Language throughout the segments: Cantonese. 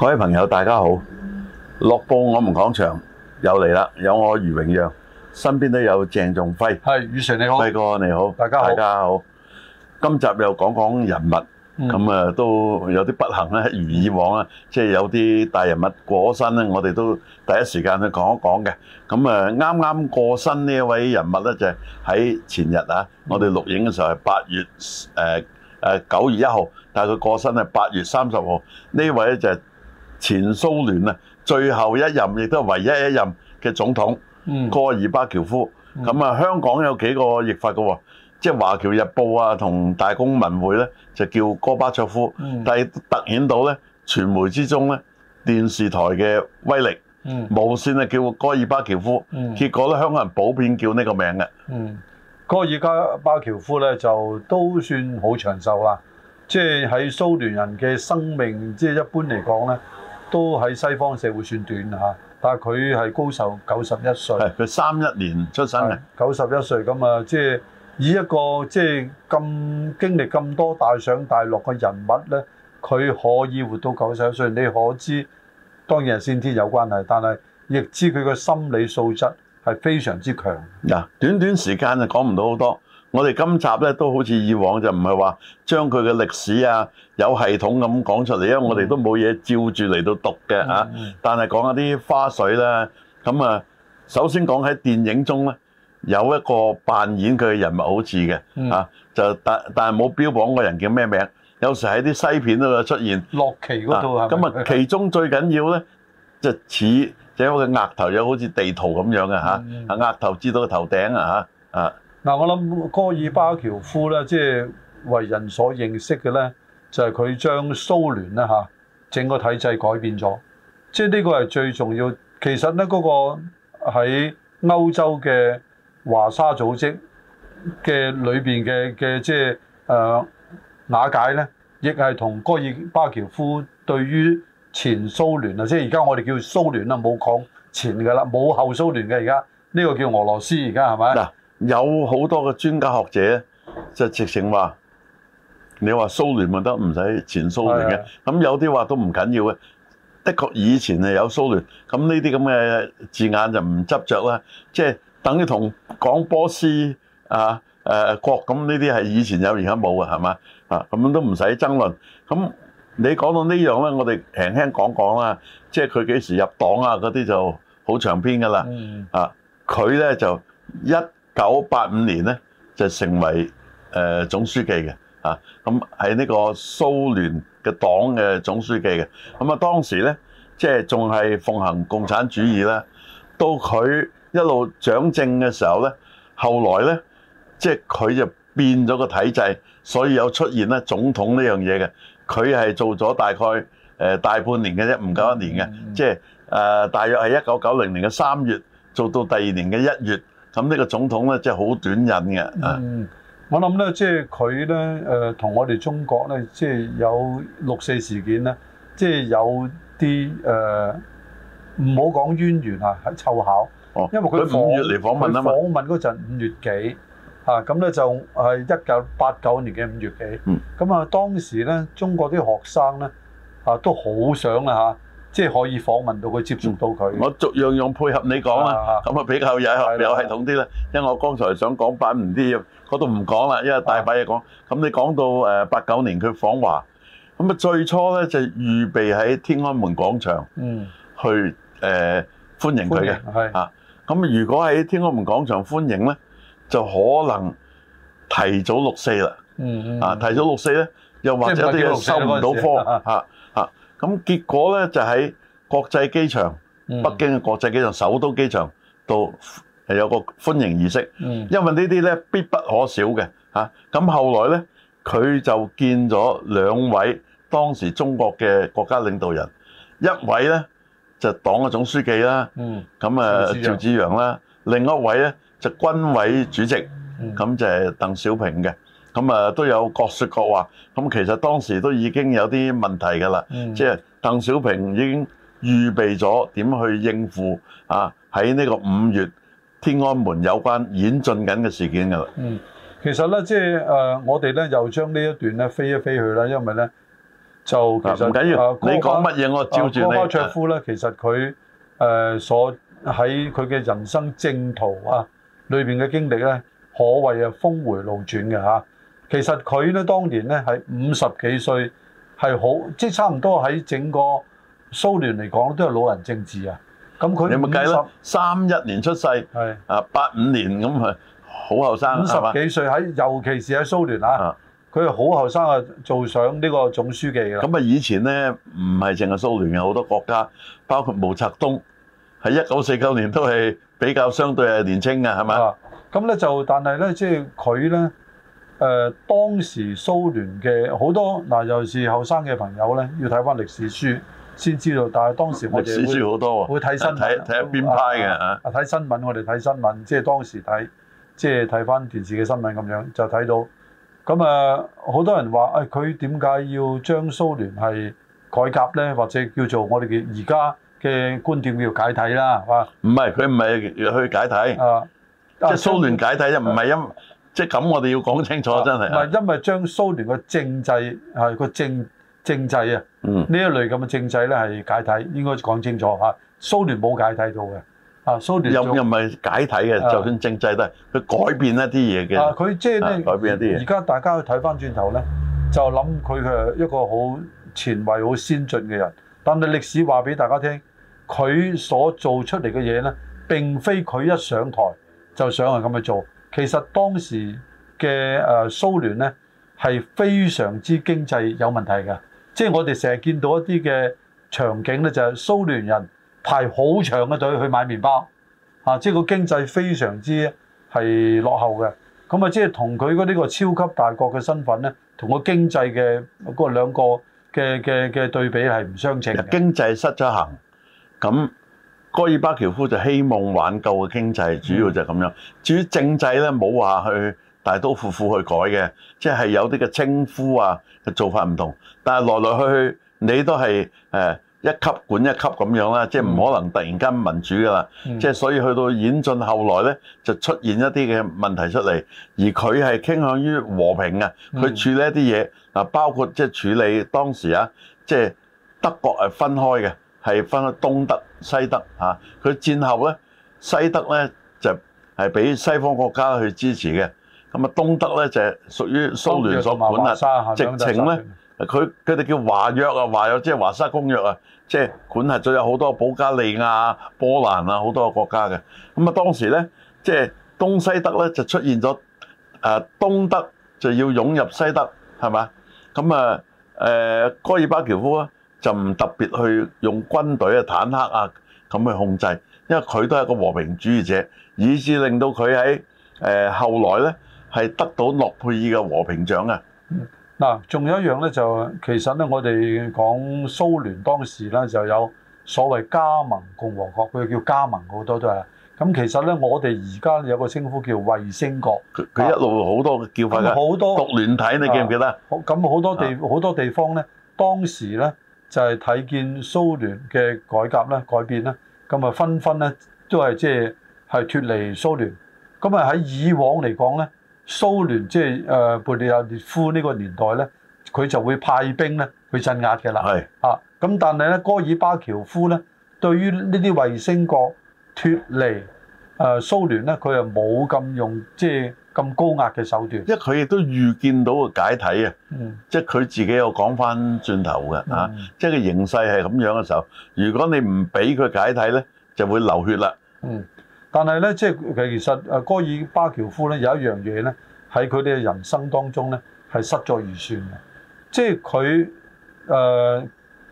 各位朋友，大家好！樂報我們講場又嚟啦，有我余榮讓，身邊都有鄭仲輝，係余成你好，輝哥你好，大家好，大家好。今集又講講人物，咁啊都有啲不幸咧，如以往啊，即係有啲大人物過身咧，我哋都第一時間去講一講嘅。咁啊，啱啱過身呢一位人物咧，就係喺前日啊，我哋錄影嘅時候係八月誒誒九月一號，但係佢過身係八月三十號。呢位咧就係。前蘇聯啊，最後一任亦都係唯一一任嘅總統、嗯、戈爾巴喬夫。咁啊、嗯，香港有幾個譯法嘅喎，嗯、即係華僑日報啊同大公文匯咧就叫戈巴卓夫，嗯、但係突顯到咧，傳媒之中咧電視台嘅威力，嗯、無線啊叫戈爾巴喬夫，嗯、結果咧香港人普遍叫呢個名嘅。嗯，戈爾巴巴喬夫咧就都算好長壽啦，即係喺蘇聯人嘅生命，即係一般嚟講咧。都喺西方社會算短吓，但係佢係高壽九十一歲。佢三一年出生，九十一歲咁啊，即係、即係、以一個即係咁經歷咁多大上大落嘅人物呢，佢可以活到九十一歲，你可知當然先天有關係，但係亦知佢嘅心理素質係非常之強。嗱，短短時間就講唔到好多。我哋今集咧都好似以往就唔係話將佢嘅歷史啊有系統咁講出嚟，因為我哋都冇嘢照住嚟到讀嘅嚇、嗯啊。但係講一啲花絮啦。咁啊首先講喺電影中咧有一個扮演佢嘅人物好似嘅嚇，就但但係冇標榜個人叫咩名。有時喺啲西片度出現，洛奇嗰度啊。咁啊，其中最緊要咧就似，就係個額頭有好似地圖咁樣嘅啊、嗯、額頭至到個頭頂啊嚇啊。啊嗱、啊，我諗戈爾巴喬夫咧，即係為人所認識嘅咧，就係佢將蘇聯咧嚇整個體制改變咗，即係呢個係最重要。其實咧，嗰、那個喺歐洲嘅華沙組織嘅裏邊嘅嘅即係誒瓦解咧，亦係同戈爾巴喬夫對於前蘇聯啊，即係而家我哋叫蘇聯啦，冇講前㗎啦，冇後蘇聯嘅而家，呢、這個叫俄羅斯而家係咪？嗱。有好多嘅專家學者就直情話，你話蘇聯咪得唔使前蘇聯嘅？咁的有啲話都唔緊要嘅。的確以前係有蘇聯，咁呢啲咁嘅字眼就唔執着啦。即係等於同講波斯啊、誒、啊、國咁呢啲係以前有而家冇嘅係嘛？啊，咁都唔使爭論。咁你講到呢樣咧，我哋輕輕講講啦。即係佢幾時入黨啊？嗰啲就好長篇嘅啦。嗯、啊，佢咧就一。九八五年咧就成為誒總書記嘅啊，咁喺呢個蘇聯嘅黨嘅總書記嘅，咁啊當時咧即係仲係奉行共產主義啦。到佢一路掌政嘅時候咧，後來咧即係佢就變咗個體制，所以有出現咧總統呢樣嘢嘅。佢係做咗大概誒大半年嘅啫，唔夠一年嘅，即係誒大約係一九九零年嘅三月做到第二年嘅一月。咁呢個總統咧，即係好短癮嘅。嗯，我諗咧，即係佢咧，誒、呃，同我哋中國咧，即係有六四事件咧，即係有啲誒，唔好講淵源啊，喺湊巧。哦，因為佢五月嚟訪問啊嘛。佢訪問嗰陣五月幾？嚇咁咧就係一九八九年嘅五月幾。咁啊，當時咧，中國啲學生咧，啊都好想啦嚇。啊即係可以訪問到佢，接觸到佢。我逐樣用配合你講啦，咁啊比較有合有系統啲啦。因為我剛才想講版唔啲，嗰度唔講啦，因為大把嘢講。咁你講到誒八九年佢訪華，咁啊最初咧就預備喺天安門廣場，嗯，去誒歡迎佢嘅，係啊。咁如果喺天安門廣場歡迎咧，就可能提早六四啦。嗯嗯。啊，提早六四咧，又或者都要收唔到科。咁結果咧就喺國際機場，北京嘅國際機場、首都機場度係有個歡迎儀式，因為呢啲咧必不可少嘅嚇。咁後來咧，佢就見咗兩位當時中國嘅國家領導人，一位咧就黨嘅總書記啦，咁啊趙紫陽啦，另一位咧就軍委主席，咁就係鄧小平嘅。咁啊，都有各説各話。咁其實當時都已經有啲問題㗎啦。即係鄧小平已經預備咗點去應付啊，喺呢個五月天安門有關演進緊嘅事件㗎啦。嗯，其實咧，即係誒，我哋咧又將呢一段咧飛一飛去啦，因為咧就其實唔緊要你講乜嘢，我照住你。戈巴卓夫咧，其實佢誒所喺佢嘅人生正途啊，裏邊嘅經歷咧，可謂啊峰迴路轉嘅嚇。其實佢咧當年咧係五十幾歲，係好即差唔多喺整個蘇聯嚟講都係老人政治啊。咁佢你咪計咯，三一年出世，是啊八五年咁係好後生，五十幾歲喺吧，尤其是喺蘇聯啊，佢係好後生啊，做上呢個總書記㗎。咁啊，以前咧唔係淨係蘇聯嘅，好多國家包括毛澤東喺一九四九年都係比較相對係年青㗎，係咪？咁咧、啊、就但係咧即係佢咧。誒、呃、當時蘇聯嘅好多嗱，尤其是後生嘅朋友咧，要睇翻歷史書先知道。但係當時我哋好多、啊、會睇新睇睇邊派嘅嚇，睇新聞我哋睇新聞，即係當時睇，即係睇翻電視嘅新聞咁樣就睇到。咁、呃、啊，好多人話誒，佢點解要將蘇聯係改革咧，或者叫做我哋嘅而家嘅觀點叫解體啦？啊，唔係佢唔係去解體，啊、即係蘇聯解體啫，唔係、啊、因為。即係咁，我哋要講清楚，真係。唔係因為將蘇聯個政制係個政政制啊，呢、嗯、一類咁嘅政制咧係解體，應該講清楚嚇。蘇聯冇解體到嘅，啊蘇聯。又唔係解體嘅，的就算政制都係佢改變一啲嘢嘅。佢即係改變一啲嘢。而家大家去睇翻轉頭咧，就諗佢係一個好前衛好先進嘅人。但係歷史話俾大家聽，佢所做出嚟嘅嘢咧，並非佢一上台就想係咁去做。其實當時嘅誒蘇聯呢係非常之經濟有問題嘅，即係我哋成日見到一啲嘅場景呢，就係蘇聯人排好長嘅隊去買麵包，啊，即係個經濟非常之係落後嘅。咁啊，即係同佢嗰呢個超級大國嘅身份呢，同個經濟嘅嗰兩個嘅嘅嘅對比係唔相稱嘅。經濟失咗行，咁。戈爾巴喬夫就希望挽救嘅經濟，主要就係咁樣。嗯、至於政制咧，冇話去大刀闊斧去改嘅，即、就、係、是、有啲嘅稱呼啊嘅做法唔同。但係來來去去，你都係誒、呃、一級管一級咁樣啦，即係唔可能突然間民主噶啦。即係、嗯、所以去到演進後來咧，就出現一啲嘅問題出嚟。而佢係傾向於和平啊，佢處理一啲嘢、嗯、包括即係處理當時啊，即、就、係、是、德國係分開嘅，係分開東德、西德嚇，佢、啊、戰後咧，西德咧就係、是、俾西方國家去支持嘅。咁啊，東德咧就係、是、屬於蘇聯所管轄啊。直情咧，佢佢哋叫華約啊，華約即係、就是、華沙公約啊，即、就、係、是、管轄係咗有好多保加利亞、波蘭啊好多國家嘅。咁啊，當時咧即係東西德咧就出現咗誒、啊，東德就要湧入西德係咪？咁啊誒，戈、呃、爾巴喬夫啊。就唔特別去用軍隊啊、坦克啊咁去控制，因為佢都係一個和平主義者，以至令到佢喺誒後來咧係得到諾貝爾嘅和平獎啊。嗯，嗱，仲有一樣咧，就其實咧，我哋講蘇聯當時咧就有所謂加盟共和國，佢叫加盟好多都係。咁其實咧，我哋而家有個稱呼叫衛星國，佢佢一路好多叫法㗎，好多獨聯體你記唔記得？咁好多地好多地方咧，當時咧。就係睇見蘇聯嘅改革咧、改變咧，咁啊紛紛咧都係即係係脱離蘇聯。咁啊喺以往嚟講咧，蘇聯即係、就是呃、布利亞列夫呢個年代咧，佢就會派兵咧去鎮壓嘅啦。係是啊，咁但係咧戈爾巴喬夫咧，對於呢啲衛星國脱離誒、呃、蘇聯咧，佢又冇咁用即、就是咁高壓嘅手段，即係佢亦都預見到個解體啊！即係佢自己有講翻轉頭嘅嚇，即係個形勢係咁樣嘅時候，如果你唔俾佢解體咧，就會流血啦。嗯，但係咧，即係其實阿戈爾巴喬夫咧有一樣嘢咧，喺佢哋嘅人生當中咧係失咗預算嘅。即係佢誒，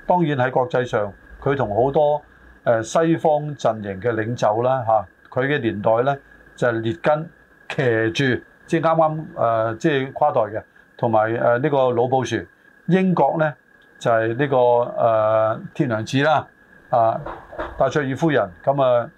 當然喺國際上，佢同好多誒西方陣營嘅領袖啦嚇，佢、啊、嘅年代咧就係、是、列根。騎住即係啱啱即係跨代嘅，同埋誒呢個老布殊。英國咧就係、是、呢、這個誒鐵娘子啦，啊戴卓爾夫人。咁、嗯、啊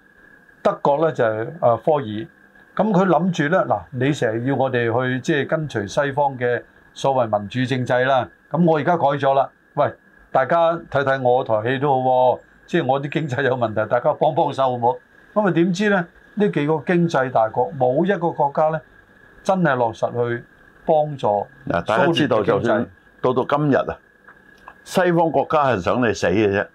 德國咧就係、是、科爾。咁佢諗住咧嗱，你成日要我哋去即係、就是、跟隨西方嘅所謂民主政制啦。咁、嗯、我而家改咗啦。喂，大家睇睇我台戲都好，哦，即係我啲經濟有問題，大家幫幫手好唔好？咁啊點知咧？呢幾個經濟大國，冇一個國家咧，真係落實去幫助。嗱，大家知道就算到到今日啊，西方國家係想你死嘅啫，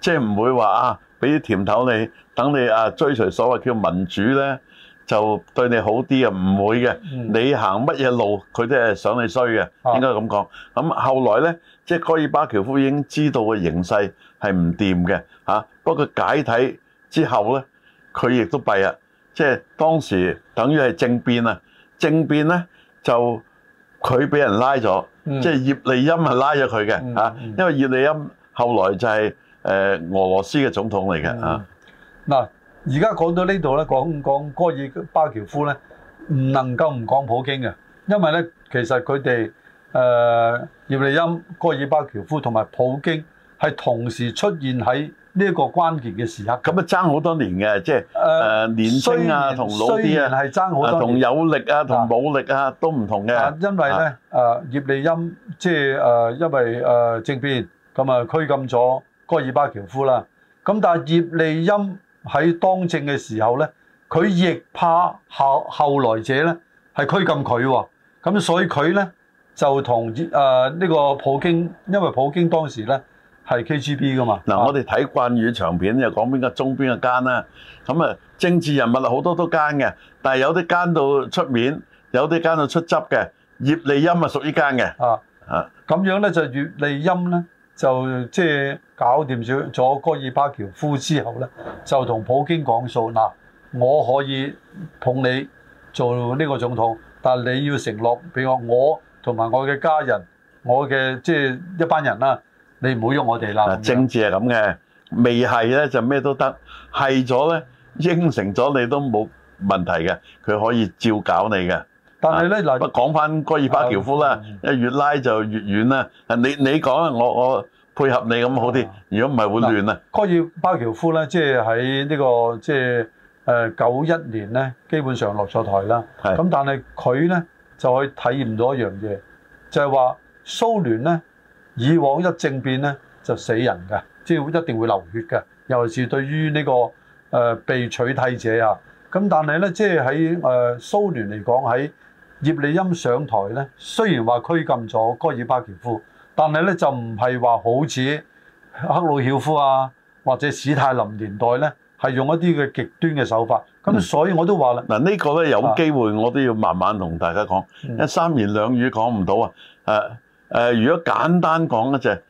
即係唔會話啊，俾啲甜頭你，等你啊追隨所謂叫民主咧，就對你好啲啊，唔會嘅。你行乜嘢路，佢都係想你衰嘅，嗯、應該咁講。咁後來咧，即係戈爾巴喬夫已經知道嘅形勢係唔掂嘅嚇，不過解體之後咧，佢亦都弊啊。即係當時等於係政變啊！政變咧就佢俾人拉咗，即係、嗯、葉利欽係拉咗佢嘅嚇。嗯嗯、因為葉利欽後來就係誒俄羅斯嘅總統嚟嘅嚇。嗱、嗯，而家講到呢度咧，講講戈爾巴喬夫咧，唔能夠唔講普京嘅，因為咧其實佢哋誒葉利欽、戈爾巴喬夫同埋普京係同時出現喺。呢一個關鍵嘅時刻，咁啊爭好多年嘅，即係是誒、呃、年輕啊同老啲啊，同有力啊同冇、啊、力啊都唔同嘅、啊。因為咧誒、啊啊、葉利欽即係誒因為誒政變，咁啊拘禁咗戈爾巴喬夫啦。咁但係葉利欽喺當政嘅時候咧，佢亦怕後後來者咧係拘禁佢喎。咁所以佢咧就同誒呢個普京，因為普京當時咧。係 KGB 噶嘛？嗱、啊，啊、我哋睇慣語長片又講邊個忠邊個奸啦。咁啊，政治人物啊好多都奸嘅，但係有啲奸到出面，有啲奸到出汁嘅。葉利欽啊，屬於奸嘅。啊啊，咁樣咧就葉利欽咧，就即係、就是、搞掂咗戈爾巴喬夫之後咧，就同普京講數嗱，我可以捧你做呢個總統，但係你要承諾俾我，我同埋我嘅家人，我嘅即係一班人啦、啊。你唔好喐我哋啦！政治係咁嘅，未係咧就咩都得，係咗咧應承咗你都冇問題嘅，佢可以照搞你嘅。但係咧，嗱是，講翻戈爾巴喬夫啦，嗯、越拉就越遠啦。你你講啊，我我配合你咁好啲。嗯、如果唔係會亂啦。戈爾巴喬夫咧，即係喺呢個即係誒九一年咧，基本上落咗台啦。咁的但係佢咧就可以體驗到一樣嘢，就係、是、話蘇聯咧。以往一政變咧就死人嘅，即係一定會流血嘅。尤其是對於呢、這個誒、呃、被取替者啊，咁但係咧即係喺誒蘇聯嚟講，喺葉利欽上台咧，雖然話拘禁咗戈爾巴喬夫，但係咧就唔係話好似克魯曉夫啊或者史泰林年代咧，係用一啲嘅極端嘅手法。咁、嗯、所以我都話啦，嗱呢個咧有機會我都要慢慢同大家講，嗯、一三言兩語講唔到啊，誒誒、呃，如果簡單講咧，就係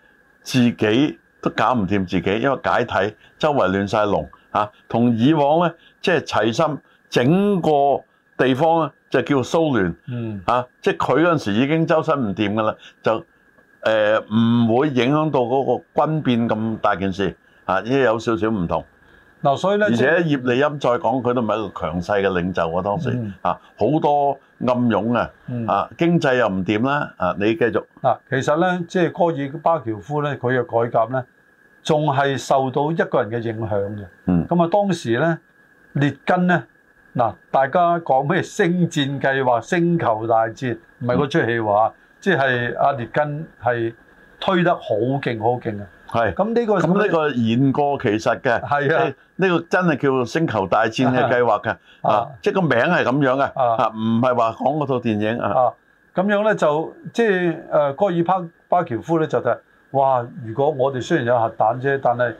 自己都搞唔掂自己，因為解體，周圍亂晒龍嚇。同、啊、以往咧，即係齊心整個地方咧，就叫蘇聯嚇。啊嗯、即係佢嗰陣時候已經周身唔掂噶啦，就誒唔、呃、會影響到嗰個軍變咁大件事嚇，依、啊、有少少唔同。嗱，所以咧，而且葉利欽再講佢都唔係一個強勢嘅領袖喎，嗯，啊。當時啊，好多暗湧啊，啊，經濟又唔掂啦，啊，你繼續。嗱，其實咧，即係戈爾巴喬夫咧，佢嘅改革咧，仲係受到一個人嘅影響嘅。嗯。咁啊，當時咧，列根咧，嗱，大家講咩星戰計劃、星球大戰，唔係嗰齣戲話，即係阿列根係推得好勁、好勁啊！係，咁呢個咁呢個言過其實嘅，係啊的，呢、欸呢個真係叫星球大戰嘅計劃嘅、啊啊，啊，即係個名係咁樣嘅，啊，唔係話講嗰套電影啊，咁樣咧就即係誒戈爾巴，巴喬夫咧就就，哇！如果我哋雖然有核彈啫，但係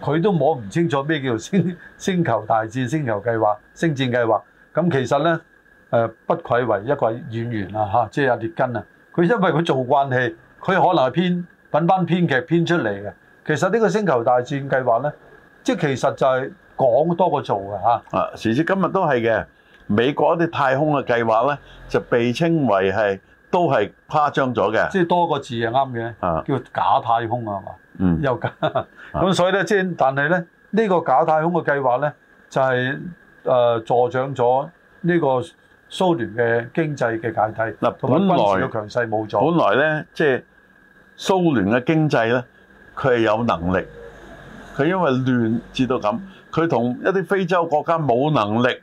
佢都摸唔清楚咩叫星星球大戰、星球計劃、星戰計劃，咁其實咧誒、呃、不愧為一位演員啊，嚇，即係阿列根啊，佢因為佢做慣戲，佢可能係偏。搵班編劇編出嚟嘅，其實呢個星球大戰計劃咧，即其實就係講多個做嘅嚇。啊，時至今日都係嘅，美國一啲太空嘅計劃咧，就被稱為係都係誇張咗嘅。即多個字係啱嘅。啊，叫假太空啊嘛。嗯。又假。咁所以咧，即，啊，但係咧，呢個假太空嘅計劃咧，就係，誒，助長咗呢個蘇聯嘅經濟嘅解體，同埋軍事嘅強勢冇咗。本來咧，即蘇聯嘅經濟呢，佢係有能力，佢因為亂至到咁，佢同一啲非洲國家冇能力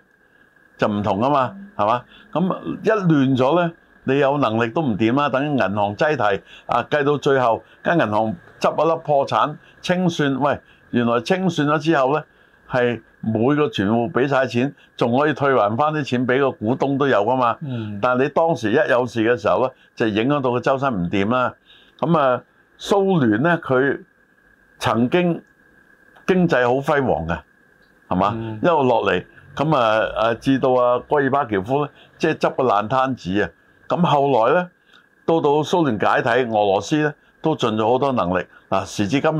就唔同啊嘛，係嘛？咁一亂咗呢，你有能力都唔掂啦，等銀行擠提啊，計到最後間銀行執一粒破產清算，喂，原來清算咗之後呢，係每個存戶俾晒錢，仲可以退還翻啲錢俾個股東都有噶嘛。嗯、但你當時一有事嘅時候呢，就影響到佢周身唔掂啦。咁啊，蘇聯咧，佢曾經經濟好輝煌嘅，係嘛？一路落嚟，咁啊啊，至到啊戈爾巴喬夫咧，即係執個爛攤子啊！咁後來咧，到到蘇聯解體，俄羅斯咧都盡咗好多能力。嗱、啊，時至今日，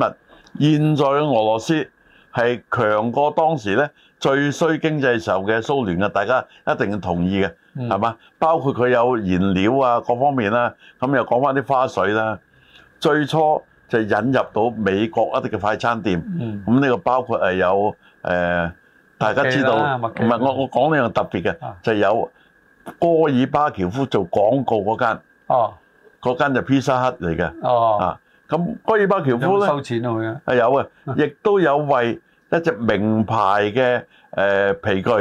現在嘅俄羅斯係強過當時咧最衰經濟時候嘅蘇聯啊！大家一定要同意嘅，係嘛？嗯、包括佢有燃料啊，各方面啦、啊，咁又講翻啲花水啦、啊。最初就引入到美國一啲嘅快餐店，咁呢、嗯、個包括係有誒、呃，大家知道唔係我我講呢樣特別嘅。啊、就有戈爾巴喬夫做廣告嗰間，哦、啊，嗰間就 Pizza Hut 嚟嘅，哦，啊，咁戈、啊、爾巴喬夫咧收錢、係、啊、有嘅，亦、啊、都有為一隻名牌嘅誒、呃、皮具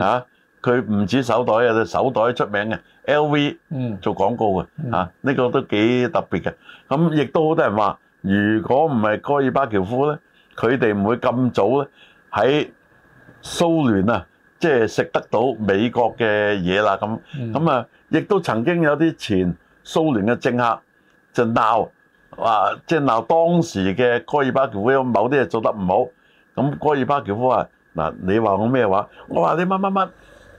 啊。嗯佢唔止手袋啊，隻手袋出名嘅 LV 做廣告嘅嚇，呢個都幾特別嘅。咁亦都好多人話，如果唔係戈爾巴喬夫咧，佢哋唔會咁早咧喺蘇聯啊，即係食得到美國嘅嘢啦咁。咁啊，亦都曾經有啲前蘇聯嘅政客就鬧話，即係鬧當時嘅戈爾巴喬夫某啲嘢做得唔好。咁戈爾巴喬夫話：嗱，你話我咩話？我話你乜乜乜。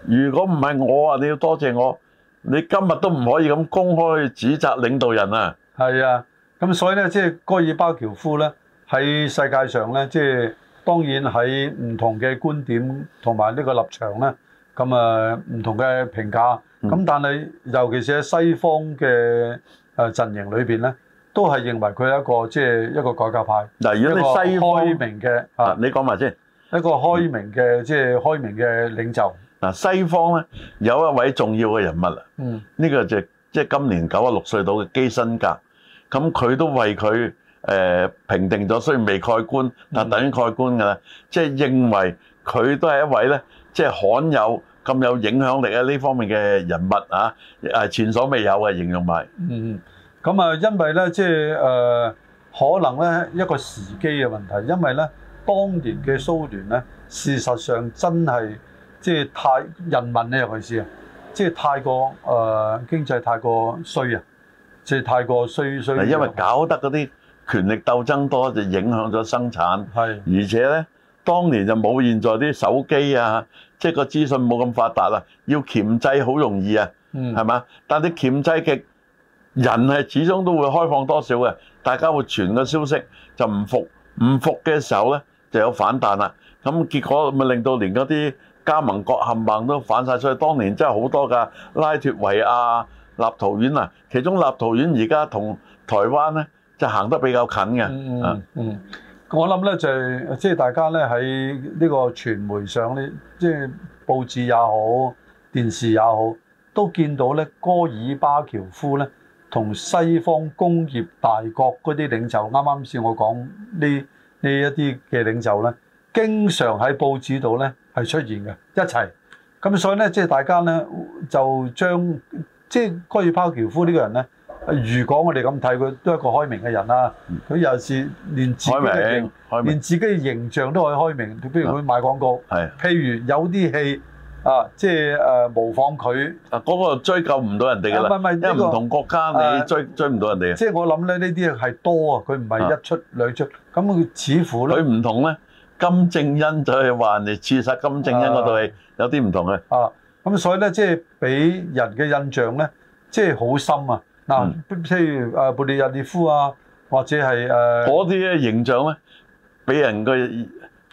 如果唔係我啊，你要多謝我，你今日都唔可以咁公開指責領導人啊！係啊，咁所以咧，即係戈爾巴喬夫咧喺世界上咧，即係當然喺唔同嘅觀點同埋呢個立場咧，咁啊唔同嘅評價。咁，嗯，但係尤其是喺西方嘅誒陣營裏邊咧，都係認為佢係一個即係一個改革派。嗱，如果你西方開明嘅啊，你講埋先，一個開明嘅即係開明嘅領袖。嗱，西方咧有一位重要嘅人物啊，呢個就即係今年九啊六歲到嘅基辛格，咁佢都為佢誒評定咗，雖然未蓋棺，但係等於蓋棺㗎啦。即係認為佢都係一位咧，即係罕有咁有影響力嘅呢方面嘅人物啊，係前所未有嘅形容法。嗯，咁啊，因為咧，即係誒可能咧一個時機嘅問題，因為咧當年嘅蘇聯咧，事實上真係。即係太人民咧，我意思啊，即係太過誒、呃、經濟太過衰啊，即係太過衰衰。因為搞得嗰啲權力鬥爭多，就影響咗生產。係，而且咧，當年就冇現在啲手機啊，即係個資訊冇咁發達啊，要鉗制好容易啊，係嘛？但啲鉗制嘅人係始終都會開放多少嘅，大家會傳個消息，就唔服唔服嘅時候咧就有反彈啦。咁結果咪令到連嗰啲。加盟國冚唪唥都反曬出，所以當年真係好多㗎，拉脫維亞、立陶宛啊，其中立陶宛而家同台灣咧就行得比較近嘅。嗯嗯，我諗咧就即係大家咧喺呢個傳媒上呢，即係報紙也好、電視也好，都見到咧戈爾巴喬夫咧同西方工業大國嗰啲領袖，啱啱先我講呢呢一啲嘅領袖咧，經常喺報紙度咧。係出現嘅一齊，咁所以咧，即係大家咧就將即係關於巴喬夫呢個人咧，如果我哋咁睇，佢都係一個開明嘅人啦。佢又是連自己的連自己的形象都可以開明，譬如佢買廣告，的譬如有啲戲啊，即係誒模仿佢。啊，嗰、啊那個追究唔到人哋噶啦，啊、因為唔同國家你追追唔到人哋啊。即係我諗咧，呢啲係多啊，佢唔係一出兩出，咁佢的似乎佢唔同咧。金正恩就係話人哋刺殺金正恩嗰度係有啲唔同嘅。啊，咁所以咧，即係俾人嘅印象咧，即係好深啊。嗱，譬如啊，布列日涅夫啊，或者係誒嗰啲咧形象咧，俾人嘅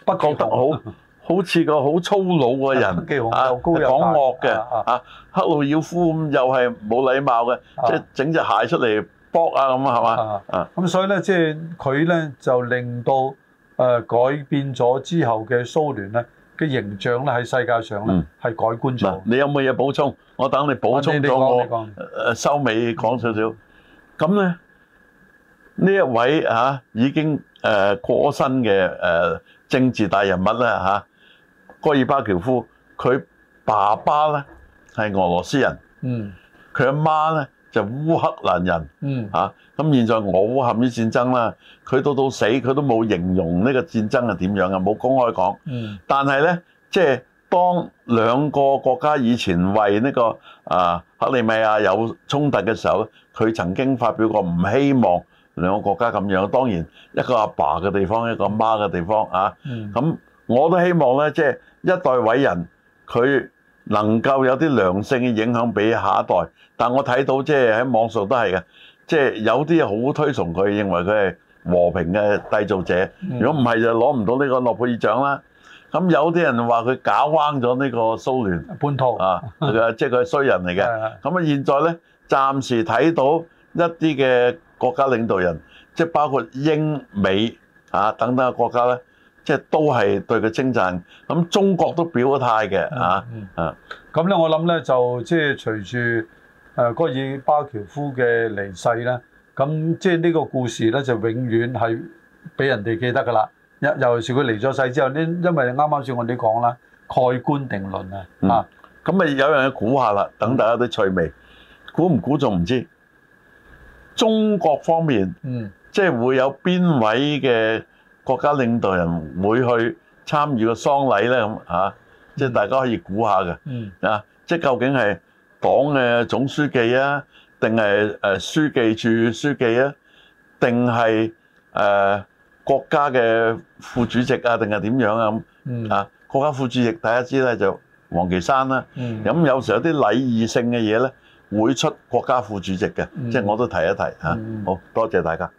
不覺得好好似個好粗魯嘅人啊，講惡嘅啊，赫魯曉夫咁又係冇禮貌嘅，即係整隻鞋出嚟搏啊咁啊，係嘛？啊，咁所以咧，即係佢咧就令到。誒改變咗之後嘅蘇聯咧嘅形象咧，喺世界上咧係改觀咗。嗯。你有冇嘢補充？我等你補充咗我講。收尾講少少。咁咧呢呢一位嚇、啊、已經誒、呃、過身嘅誒、呃、政治大人物咧嚇、啊，戈爾巴喬夫佢爸爸咧係俄羅斯人。嗯。佢阿媽咧。就烏克蘭人，嚇咁，嗯，現在俄烏陷入戰爭啦。佢到到死佢都冇形容呢個戰爭係點樣嘅，冇公開講。但係呢，即係當兩個國家以前為呢個啊克里米亞有衝突嘅時候，佢曾經發表過唔希望兩個國家咁樣。當然一個阿爸嘅地方，一個阿媽嘅地方，嚇啊，嗯，咁我都希望呢，即係一代偉人佢能夠有啲良性嘅影響俾下一代，但我睇到即係喺網上都係嘅，即係有啲好推崇佢，認為佢係和平嘅締造者。如果唔係就攞唔到呢個諾貝爾獎啦。咁有啲人話佢搞彎咗呢個蘇聯叛徒套啊，即係佢係衰人嚟嘅。咁啊 的，現在咧暫時睇到一啲嘅國家領導人，即係包括英美啊等等嘅國家咧。即係都係對佢稱讚，咁中國都表個態嘅啊！咁咧，我諗咧就即係隨住誒個戈爾巴喬夫嘅離世呢，咁即係呢個故事咧就永遠係俾人哋記得㗎啦。一尤其是佢離咗世之後呢，因為啱啱先我哋講啦，蓋棺定論啊！啊、嗯，咁咪是、嗯、有人要估下啦，等、嗯、大家啲趣味估唔估仲唔知？中國方面，嗯，即係會有邊位嘅？國家領導人會去參與個喪禮咧，咁即係大家可以估下嘅。啊，即係究竟係黨嘅總書記啊，定係誒書記處書記啊，定係誒國家嘅副主席啊，定係點樣啊咁啊？國家副主席大家知呢，就王岐山啦。咁有時候有啲禮儀性嘅嘢咧，會出國家副主席嘅，即係我都提一提嚇。好多謝，謝大家。